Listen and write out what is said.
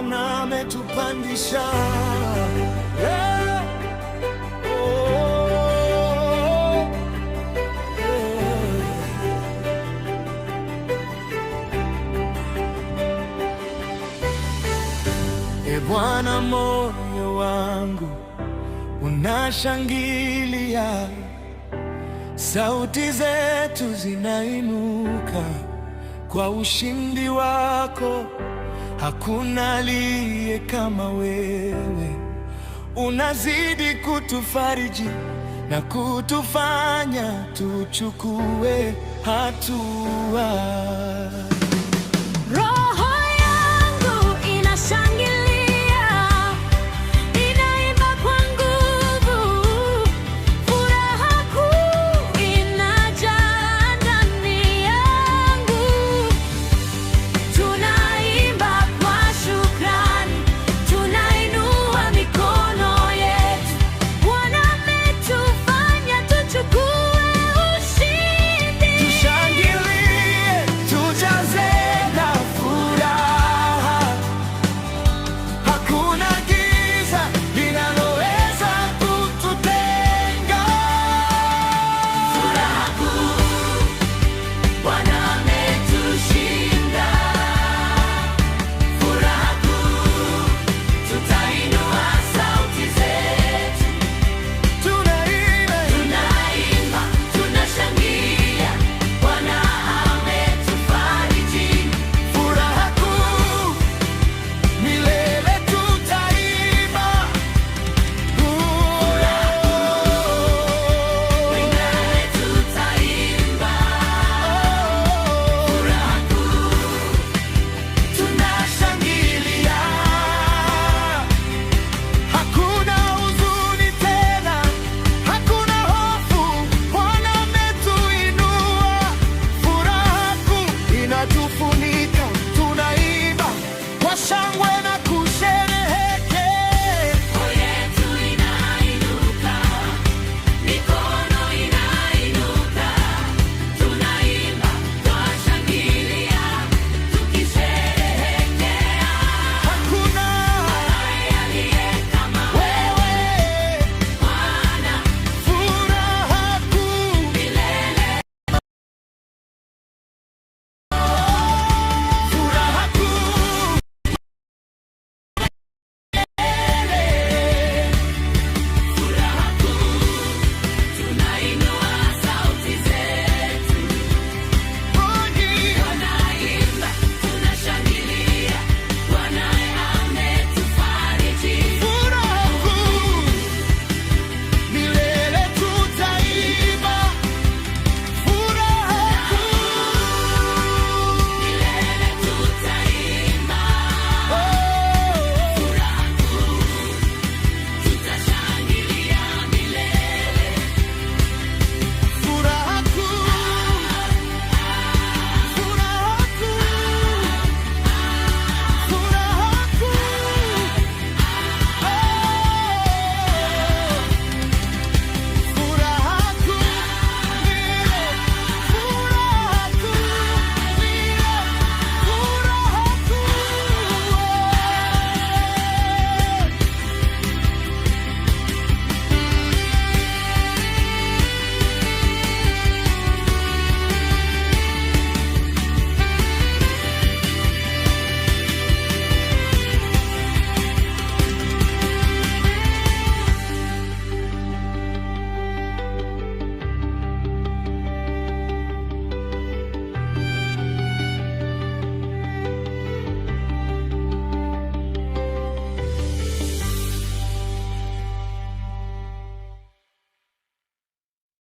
Bwana ametupandisha E Bwana, moyo wangu unashangilia, sauti zetu zinainuka kwa ushindi wako hakuna aliye kama wewe, unazidi kutufariji na kutufanya tuchukue hatua.